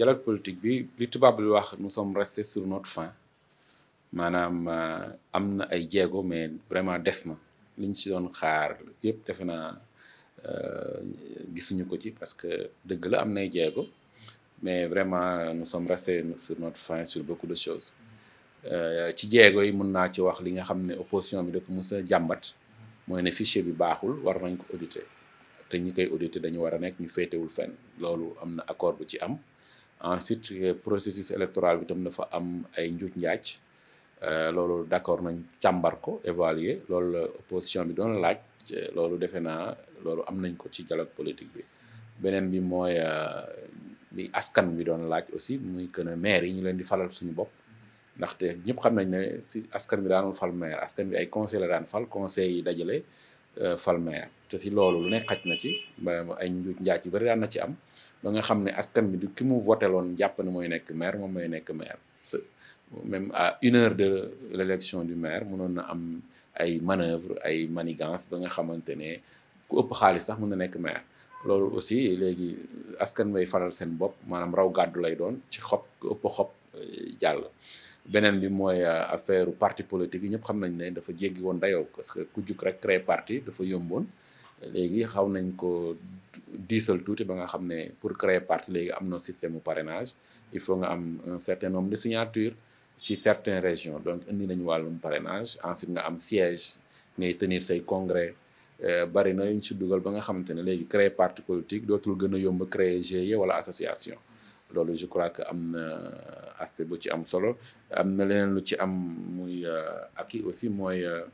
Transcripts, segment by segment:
dialogue politique bi li tubaab wax nous sommes restés sur notre faim maanaam euh, am na ay diego, mais vraiment des Liñ ci doon xaar yépp defe euh gisuñu ko ci parce que deug la amna ay diego, mais vraiment nous sommes restés sur notre faim sur beaucoup de choses euh, ci diego yi mën naa ci wax li nga xamné opposition bi da ko mos a jàmbat mooy fichier bi baxul war nañ ko auditer te ñi kay auditer dañu wara nek ñu fété wul fenn Lolu amna accord bu ci am en ensuite processus électoral bi tam fa am ay njuuj njaaj euh, loolu d'accord nañ càmbar ko évaluer loolu la opposition bi doon laaj loolu defe naa loolu am nañ ko ci dialogue politique bi beneen bi mooy bi euh, askan bi doon laaj aussi muy que ne maire yi ñu leen di falal suñu bopp ndaxte ñëpp xam nañ ne si askan bi daanul fal maire askan bi ay conseil la daan fal conseil yi dajale euh, fal maire te si loolu lu ne xaj na ci ay njuuj njaaj yu bari daan na ci am ba nga xam ne askan bi du ki mu voté loon jàpp ne mooy nekk maire moom mooy nekk maire même à une heure de l'élection du maire mënoon na am ay manœuvre ay manigance ba nga xamante ne ku ëpp xaalis sax mën na nekk maire loolu aussi léegi askan way faral seen bopp maanaam raw gàddu lay doon ci xob ku ëpp xob euh, jàll beneen bi mooy euh, affaire parti politique yi ñëpp xam nañ ne dafa jéggi woon dayoo parce que ku jug rek créer parti dafa yomboon léegi xaw nañ ko diisal tuuti ba nga xam ne pour créer parti léegi am na système mu parrainage il faut nga am un certain nombre de signatures ci certaines région donc indi nañu wàllum parrainage ensuite nga am siège ngay tenir say congrès euh, bari na yuñ si dugal ba nga xamante ne léegi créer parti politique dootul gën a yomb créer GIE wala association loolu je crois que am na aspect bu ci am solo am na leneen lu ci am muy euh, acquis aussi mooy euh,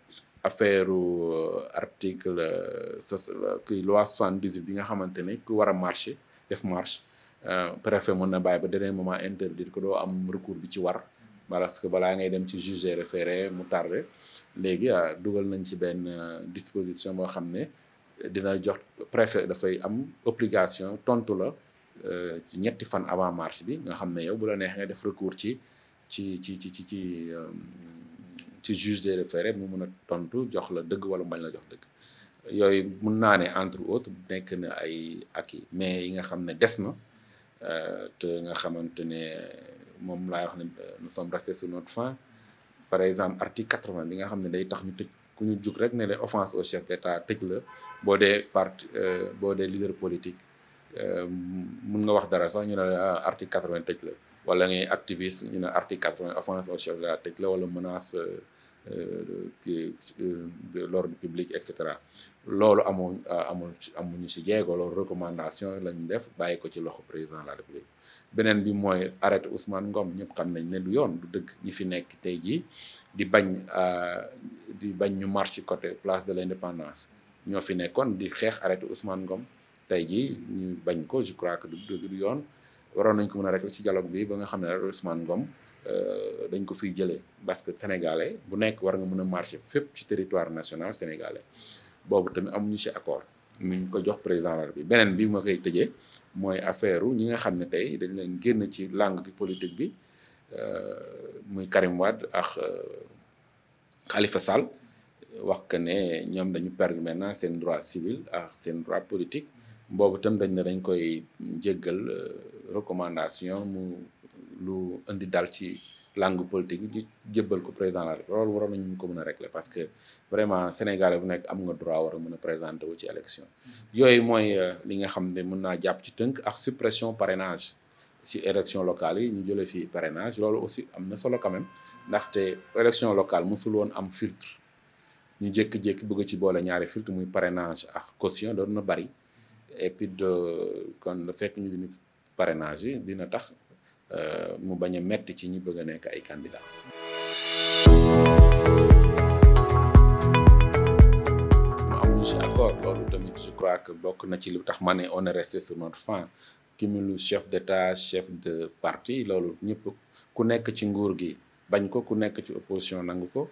affaire euh, article euh, ki loi 78 bi nga xamantene ku wara marché def marche euh, préfet mën na ba dernier moment interdire ko do am recours bi ci war parce que bala ngay dem ci juger référé mu tardé ya dugal nañ ci ben disposition bo xamné dina jox préfet fay am obligation tontu la ci ñetti fan avant marche bi nga xamné yow bu la neex nga def recours ci ci ci ci ci ci juge de référés mu mën a tontu jox la dëgg wala mbañ la jox dëgg yooyu mun naa ne entre autres nekk na ay acquis mais yi nga xam ne des na euh, te nga xamante ne moom laay wax ne euh, nous sommes restés sur not faim par exemple article quatre-vingt bi nga xam ne day tax ñu tëj ku ñu jug rek ne la offense au chef d'État tëj la boo dee parti euh, boo dee leader politique mun nga wax dara sax ñu ne la ah, article quatre-vingt tëj la wala ngay activiste ñu ne article quatre-vingt offense au chef d'État tëj la wala menace Eh, eh, eh, de l'ordre public etc. cetera loolu amoo amul amuñu si jeego loolu recommandation lañu def bàyyi ko ci loxo président de la république beneen bi mooy arrêté Ousmane Ngom ñëpp xam nañ ne du yoon du dëgg ñi fi nekk tey jii di bañ di bañ ñu marche côté place de l'indépendance ñoo fi nekkoon di xeex arrêté Ousmane Ngom tey jii ñu bañ ko je crois que du dëgg du yoon waroon nañ ko mën a rek ci dialogue bi ba nga xam ne Ousmane Ngom Euh, dañ ko fiy jëlé parce que sénégalais bu nek war nga mëna a marché fépp ci territoire national sénégalais bobu tamit amuñu ci accord ñu ko jox président la benen bi ma koy tejé moy affaireu ñi nga xamné tay dañ leen genn ci langue bi politique bi euh muy Karim wad ak euh, Khalifa Sall wax que ne ñom dañu perdre maintenant sen droit civil ak sen droit politique bobu tam dañ ne dañ koy jéggal euh, recommandation mu lu indi dal ci langue politique bi ñu jébbal ko président la République loolu waroon nañu ko mën régler parce que vraiment Sénégalais bu nekk am nga droit war a mën de présenter wu ci élection yooyu mooy euh, li nga xam ne mën naa jàpp ci tënk ak suppression parrainage ci élection locale yi ñu jëlee fii parrainage loolu aussi amener solo quand même D'acte, élection locale mosul woon am filtre ni jékki-jékki bëgg ci boole ñaari filtre muy parrainage ak caution do na bari et puis de kon le fait ñu parrainage yi dina tax Euh, mu bañ a metti ci ñi bëgg a nekk ay candidats. mu amuñu si accord loolu tamit je crois que bokk na ci lu tax ma ne on est resté sur notre faim lu chef d'état chef de partie loolu ñëpp ku nekk ci nguur gi bañ ko ku nekk ci opposition nangu ko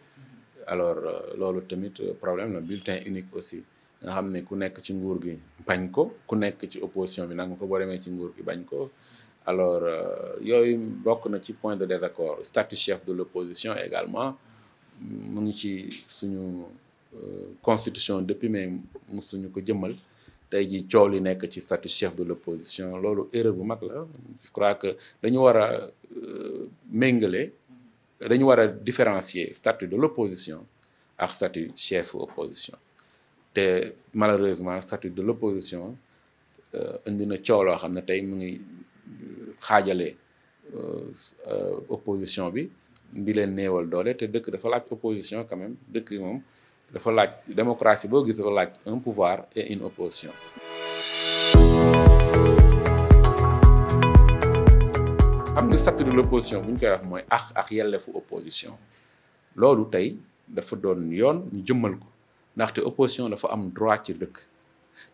alors euh, loolu tamit problème la bulletin unique aussi nga xam ne ku nekk ci nguur gi bañ ko ku nekk ci opposition bi nangu ko boo demee ci nguur gi bañ ko. alors il y a ci point de désaccord Le statut chef de l'opposition également Nous, ngi ci euh, constitution depuis même nous suñu ko jëmmal tey jii coow li statut chef de l'opposition erreur je crois que euh, nous devons différencier le statut de l'opposition le statut chef opposition l'opposition. malheureusement le statut de l'opposition euh, nous devons coow loo xam xaajale euh, euh, opposition bi di leen néewal doole te dëkk dafa laaj opposition quand même dëkk moom dafa laaj démocratie boo gis dafa laaj un pouvoir et une opposition am nga statut de l'opposition bu ñu koy wax mooy ak ak yelleefu opposition loolu tey dafa doon yoon ñu jëmmal ko ndaxte opposition dafa am droit ci dëkk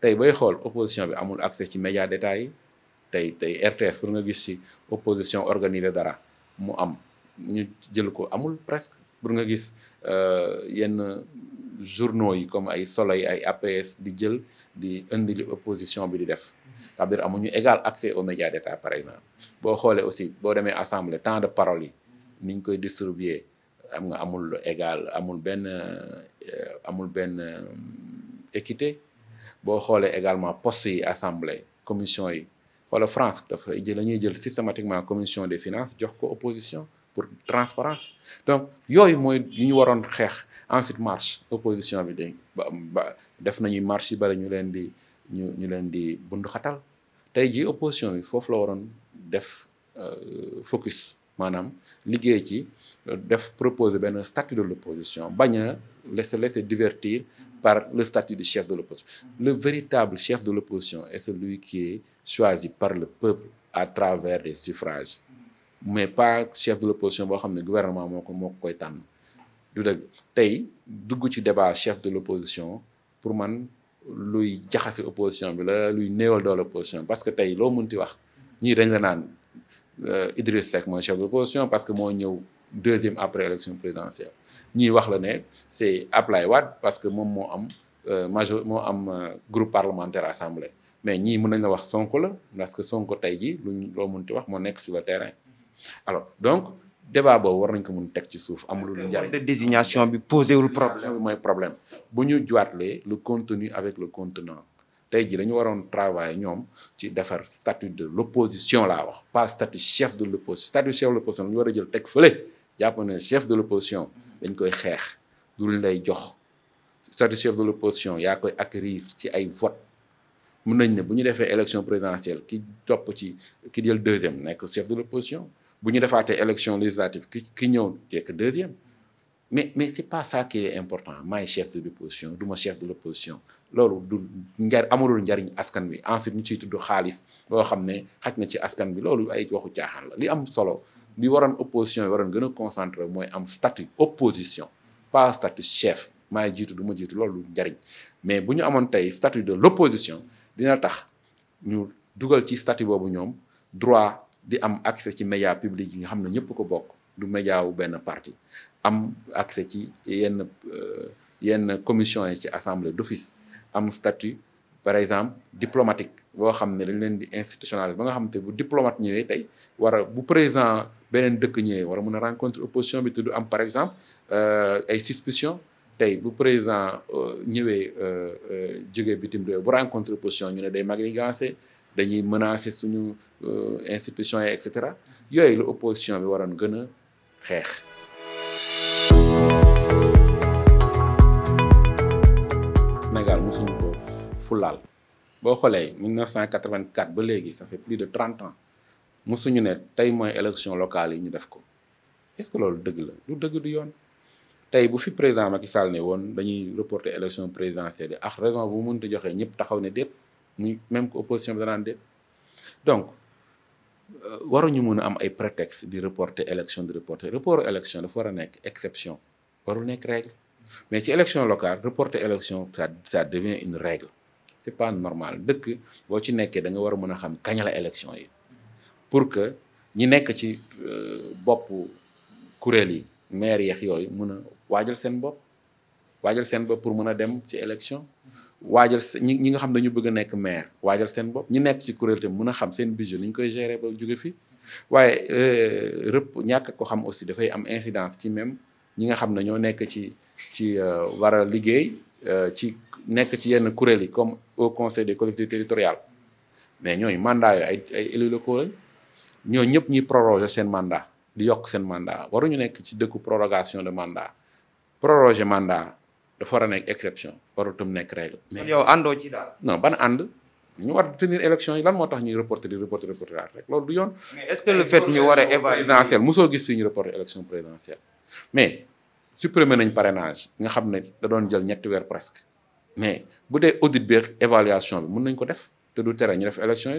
tey bay xool opposition bi amul accès ci média détail yi tey tey RTS pour nga gis ci opposition organisée dara mu am ñu jël ko amul presque pour nga gis euh, yenn journaux yi comme ay Soleil ay APS di jël di indi li opposition bi di def cest à amuñu égal accès aux médias d'État par exemple boo xoolee aussi boo demee assemblée temps de parole yi ni koy distribuer am nga amul égal amul benn euh, amul benn euh, équité boo xoolee également post yi assemblée commission yi wala France dafa jël la jël systématiquement commission des finances jox ko opposition pour transparence donc yooyu mooy yu ñu waroon xeex ensuite marche opposition bi de ba def nañuy marche yi bari ñu leen di ñu ñu leen di bundu xatal opposition bi foofu la waroon def euh, focus maanaam liggéey ci euh, def proposer benn statut de l'opposition bañ a laisser laisser divertir par le statut de chef de l'opposition. Mhm. Le véritable chef de l'opposition est celui qui est choisi par le peuple à travers les suffrages. Mhm. mais pas chef de l'opposition le le gouvernement est ko moo ko koy tànn du dëgg tu chef de l'opposition pour man luy l'opposition, opposition bi la luy néewal de l'opposition, parce que tey loo mënti wax ni dañ la nan. Euh, Idriss Seck le chef de l'opposition parce que moo ñëw deuxième après élection présidentielle ñi wax la né c'est Ablaye Wade parce que mom mo am euh, major mo am euh, groupe parlementaire assemblée mais ñi mën nañ la wax Sonko la parce que Sonko ji lu lo mën ti wax mo nekk sur le terrain alors donc débat boobu war nañ ko mën tek ci souf am lu njariñ de désignation bi posé problème bi problème bu ñu le contenu avec le contenant tay ji dañu waroon travailler ñom ci defar statut de l'opposition la wax pas statut chef de l'opposition statut chef de l'opposition ñu wara jël tek feulé jàpp chef de l'opposition dañ koy xex du lu lay jox statut chef de l'opposition yaa koy acquérir ci ay vote mën nañ ne bu ñu defee élection présidentielle ki top ci ki jël deuxième nekk chef de l'opposition bu ñu defaatee élection législative ki ki ñëw nekk deuxième mais mais c'est pas ça qui est important maay chef de l'opposition du chef de l'opposition loolu du njar amulul njariñ askan bi ensuite ñu ciy tudd xaalis boo xam ne xaj na ci askan bi loolu ay waxu caaxaan la li am solo li waran opposition waran gëna gën concentré am statut opposition pas statut chef may jitu du ma jiitu loolu njariñ mais buñu amone tay statut de l'opposition dina tax ñu duggal ci statut bobu ñom droit di am accès ci média public yi nga xam ñepp ko bok du média wu ben parti am accès ci yenn euh, yenn commission ci assemblée d'office am statut par exemple diplomatique boo xam ne dañ leen di institutionnaliser ba diplomate bu président dëkk opposition bi par exemple euh, ay suspicion tey bu président euh, ñëwee euh, jógee bitim réew bu opposition ñu ne day dañuy menacer suñu institution et cetera opposition fulaal boo xoolee 1984 ça fait plus de 30 ans nous avons fait mooy élection locale yi ñu def est-ce que loolu dëgg la lu dëgg du yoon tey bu fi président Macky Sall ne woon dañuy reporter élection présidentielle ak raison bu mënta joxee ñëpp taxaw ne le muy même que opposition bi danaan donc euh, waruñu mën pas am ay prétexte de reporter élection Reporter reporter Reporter élection dafa une exception. Il exception warul une règle mais si élection locale reporter élection ça devient une règle c'est pas normal dëkk boo ci nekkee da war a mën a xam kañ la élection yi pour que ñi nekk ci euh, bopp kuréel yi maire yeex yooyu mën a waajal seen bopp waajal seen bopp pour mën a dem ci élection waajal ñi ñi nga xam dañu bëgg a nekk mair waajal seen bopp ñi nekk ci kuréel te mën a xam seen budget li ñu koy gérer ba jóge fi waaye euh, rëpp ñàkk ko xam aussi dafay am incidence ci même ñi nga xam ne ñoo nekk ci ci euh, war a liggéey ci nekk ci yenn kuréel yi comme au conseil des collectivités territoriales mais ñooñu mandat yooyu ay ay élus locaux lañ ñooñu ñëpp ñuy proroger seen mandat di yokk seen mandat waruñu nekk ci dëkku prorogation de mandat proroger mandat dafa war a nekk exception warutum nekk règle. mais yow àndoo ci daal. non ñu war tenir élection yi lan moo tax ñuy reporter di rek loolu du yoon. mais est-ce élection présidentielle mais supprimer nañ parrainage nga xam ne da doon jël ñetti presque. mais bu on audit bi évaluation bi nañ ko def élection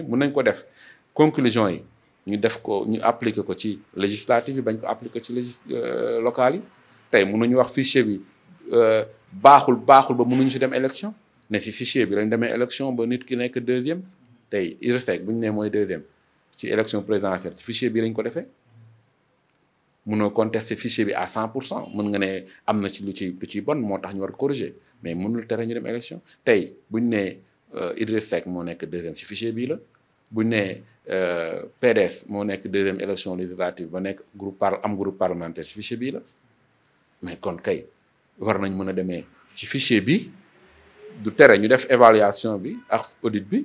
conclusion yi ñu def ko ñu appliquer ko ci législative bañ ko appliquer ci euh, yi tey mënuñu wax fichier bi euh, baaxul baaxul ba élection fichier bi deuxième bu deuxième élection présidentielle fichier bi lañ ko contester fichier à 100 mën nga ne ci lu ci corriger mais mënul tere ñu dem élection tey buñ nee euh, Idriss Seck moo nekk deuxième ci fichier bii la buñ nee euh, PDS moo nekk deuxième élection législative ba nekk groupe par am groupe parlementaire ci fichier bii la mais kon kay war nañ mën a demee ci fichier bi du tere ñu def évaluation bi ak audit bi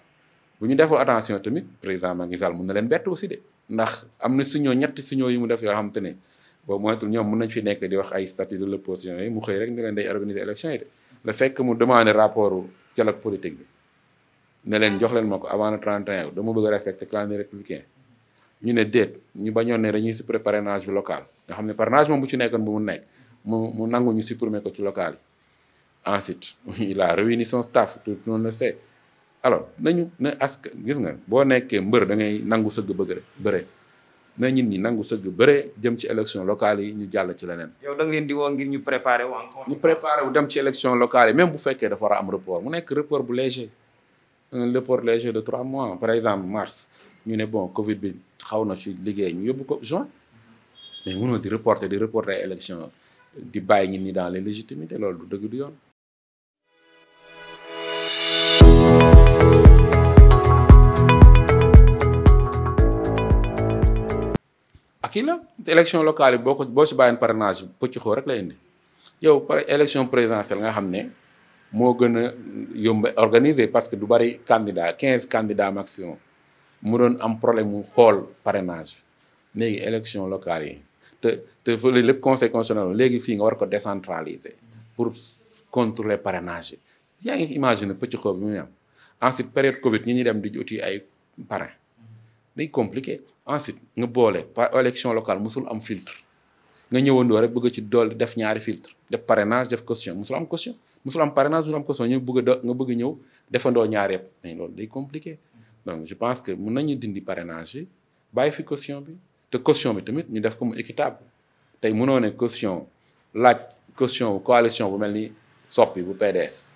bu ñu defoo attention tamit président Macky Sall mun na leen bett aussi de ndax am na signaux ñetti signaux yi mu def yoo xam te ne nekk mu le ma ko avant le 31 a respecter calendrier républicain ne déet ñu bañoon ne dañuy supprimer parrainage bi local nga xam ne parrainage moom bu ci nekkoon bu mu nekk mu mu nangu ñu supprimer ko ci local yi ensuite il a réuni tout le le sait alors nañu na ask gis nga boo nekkee mbër da ngay nangu sëgg bëgg rek bëre na ñit ñi nangu sëgg bëre jëm ci élection locale yi ñu jàll ci leneen. yow da nga leen di woo ngir ñu préparer wu ñu préparer wu dem ci élection locale yi même bu am report mu nekk report bu léger un report léger de trois mois par exemple mars ñu ne bon Covid bi xaw na ci liggéey ñu yóbbu ko juin mais mënoo di reporter di reporter élection di bàyyi ñit ñi dans les légitimités loolu du dëgg du yoon. kii la élection locale yi boo ko boo si bàyyeen parrainage bi pëcc rek la indi yow par élection présidentielle nga xam ne moo gën a yomb organiser parce que du bari candidat quinze candidats maximum mu doon am problème mu xool parrainage léegi élection locale yi te te fële lépp conseil constitutionnel léegi fii nga war ko décentraliser pour contrôler parrainage yi yaa ngi imaginer pëcc xoo bi muy am ensuite période Covid ñi ñuy dem di uti ay parrain day compliqué ensuite nga boole par élection locale musul am filtre nga ñëwandoo rek bëgg ci dool def ñaari filtre def parrainage def caution musul am caution musul am parrainage musul am caution ñu bëgg nga bëgg ñëw defandoo ñaar yëpp mais loolu day compliqué donc je pense que mun nañu dindi parrainage yi bàyyi fi caution bi te caution bi tamit ñu def ko mu équitable tey mënoo ne caution laaj caution coalition bu mel ni soppi bu PDS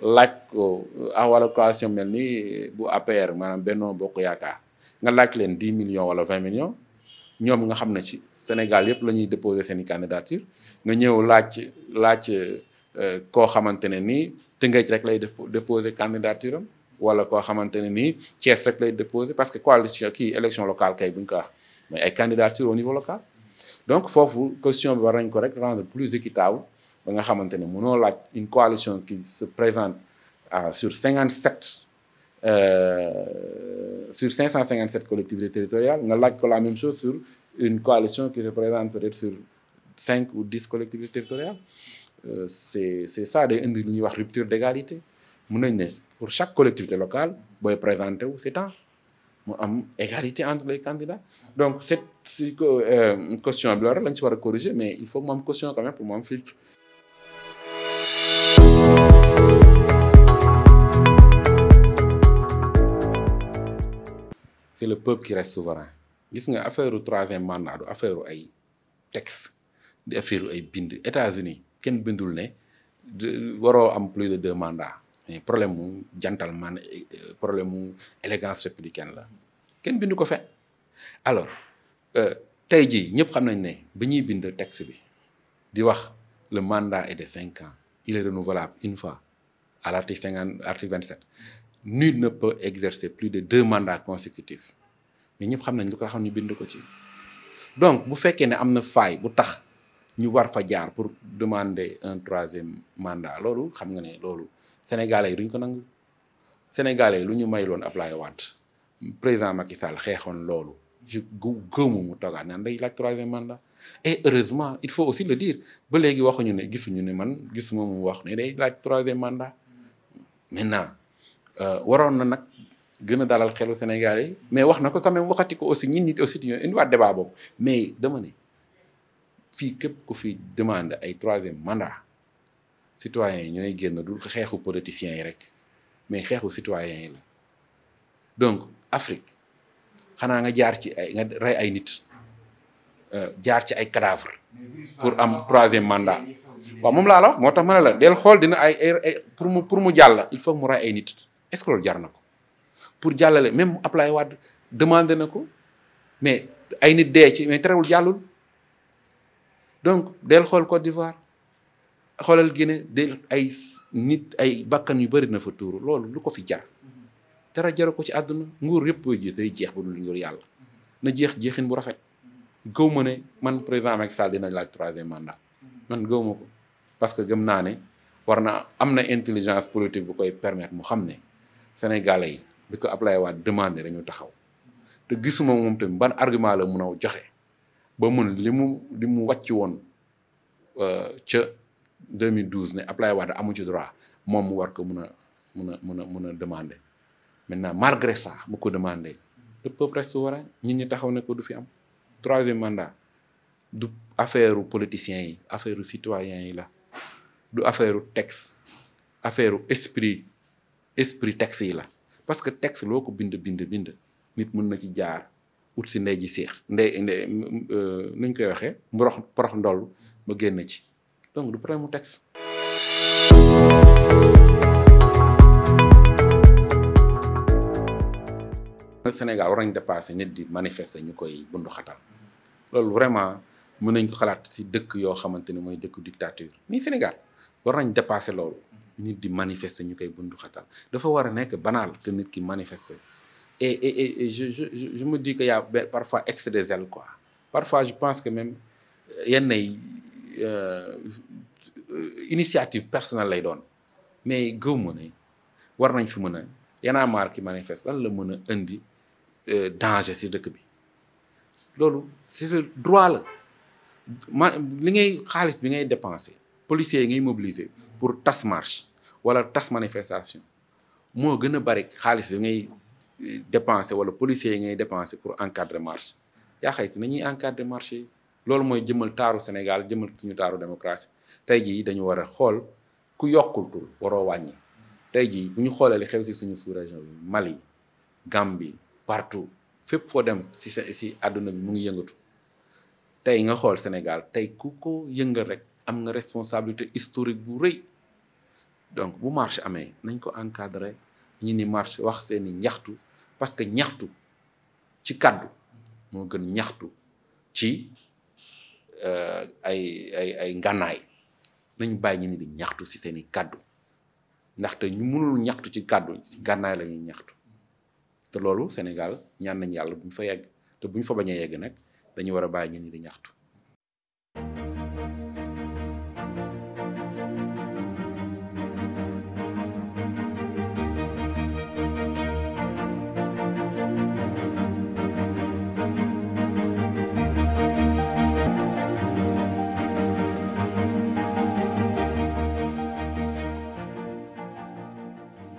laaj ko ah wala coalition mel ni bu APR maanaam Benno Bokk Yaakaar nga laaj leen 10 millions wala 20 millions ñoom nga xam ne ci Sénégal yëpp la ñuy déposer seen candidature nga ñëw laaj laaj euh, koo xamante ne nii Tëngéej rek lay déposer candidature am wala koo xamante ne nii Thiès rek lay déposer parce que coalition kii élection locale kay bu ñu ko wax mais ay candidature au niveau local donc foofu question bi war nañ ko rek rendre plus équitable ba nga xamante ne une coalition qui se présente euh, sur 57 euh, sur 557 collectivités territoriales On a la même chose sur une coalition qui représente peut-être sur 5 ou 10 collectivités territoriales euh, c'est ça de rupture d'égalité pour chaque collectivité locale booy présenter c'est égalité entre les candidats donc cette une euh, question à blâmer, on vais la corriger mais il faut que je me quand même pour m'en filtre c'est le peuple qui reste souverain a nga affaire troisième mandat du affaire ay texte de affaire ay États-Unis de bindul ne waroo am plus de deux mandats mais problème mu gentleman euh, problème mu élégance républicaine là. kenn bindu ko fait alors euh, jii ñëpp xam nañ ne bi ñuy texte bi di que le mandat est de 5 ans il est renouvelable une fois à l'article 27 nul ne peut exercer plus de deux mandats consécutifs mais nous xam nañ lu ko xam donc bu fekkee ne am na faay bu tax ñu war fa pour demander un troisième mandat loolu xam nga ne Les sénégalais yi sont ko Les sénégalais yi lu ñu may loon Ablaye le président Macky Sall xeexoon loolu je gëmu mu toogaat naan day laaj troisième mandat et heureusement il faut aussi le dire Si léegi waxuñu ne gisuñu ne man gisuma wax day troisième mandat maintenant Euh, waroon na nag gën a dalal xelu Sénégal yi mais wax na ko quand même waxati ko aussi ñun nit aussi ñoo indiwaat débat boobu mais dama ne fii képp ku fi demande ay troisième mandat citoyens yi ñooy génn du xeexu politiciens yi rek mais xeexu citoyens yi la donc Afrique xanaa nga jaar ci ay nga ay nit euh, jaar ci ay cadavre pour am troisième manda waaw moom laa moo tax ma ne la del xool dina ay ay pour mu pour mu jàll il faut mu rey ay nit est jar na ko pour jàllale même Ablaye Wade demande na ko mais ay nit dee ci mais terewul jàllul donc del xool Côte d'Ivoire xoolal Guinée del ay nit ay bakkan yu bari na fa tuuru loolu lu ko fi jar dara jaru ko ci àdduna nguur yëpp booy gis day jeex bu dul nguur yàlla na jeex jeexin bu rafet gëw ma ne man président Macky Sall dina laaj troisième mandat man gëw ma ko parce que gëm naa ne war na am na intelligence politique bu koy permettre mu xam ne sénégalais yi bi ko Ablaye Wade demandé dañu taxaw te gisuma mom tam ban argument la mun joxé ba mun limu limu waccu won euh ci ca 2012 ne Ablaye Wade amu ci droit mom war ko mëna mëna mëna mëna mun demandé maintenant malgré ça mu ko demandé le peuple reste souverain nit ñi taxaw né ko du fi am troisième mandat du affaire politicien yi affaire citoyen yi la du affaire texte affaire esprit esprit texte yi la parce que texte loo ko bind bind bind nit mën na ci jaar ut si ndey ji seex ndey ndey euh, nuñ koy waxee mborox porox ndoll ma génn ci donc du problème mu texte Sénégal war nañ dépassé nit di manifester ñu koy bundu loolu vraiment mën nañ ko xalaat si dëkk yoo xamante ni mooy dëkk dictature mais Sénégal war nañ dépassé loolu nit di manifester ñu koy bundu xatal dafa war a banal que nit ki manifester et et et je je je me dis que y a parfois excès de zèle quoi parfois je pense que même euh, yenn ay euh, initiative personnelle lay don mais gëw ma ne war nañ fi mën a Y'en a marre qui manifeste lan la mën indi euh, danger ci dëkk bi loolu c'est le droit la li ngay xaalis bi ngay dépenser policiers ngay mobiliser pour tas marche wala tas manifestation mo gëna bari xaliss bi ngay eh, dépenser wala policiers yi ngay dépenser pour encadrer marche ya xayt nañuy encadrer marche lool moy jëmmal taru Sénégal jëmmal suñu taru démocratie tay ji dañu wara xol ku yokkul tur waroo wàññi tey jii bu ñu li xew si suñu sous-région Mali Gambie partout fépp fo dem si si aduna bi mu ngi yëngatu tay nga xol Sénégal tay ku ko yëngal rek am nga responsabilité historique bu reuy donc bu marche amé nañ ko encadrer ñi ni marche wax seeni ñaxtu parce que ñaxtu ci kaddu mo gën ñaxtu ci euh, ay ay ay nganaay nañ bay ñi ni di ñaxtu si seeni ndax te ñu mënul ñaxtu ci kaddu nyaktu, nganaay la ñuy ñaxtu te lolu Sénégal ñaan nañ yalla buñ fa yegg te buñ fa bañé yegg nak dañu wara bay ñi ni di ñaxtu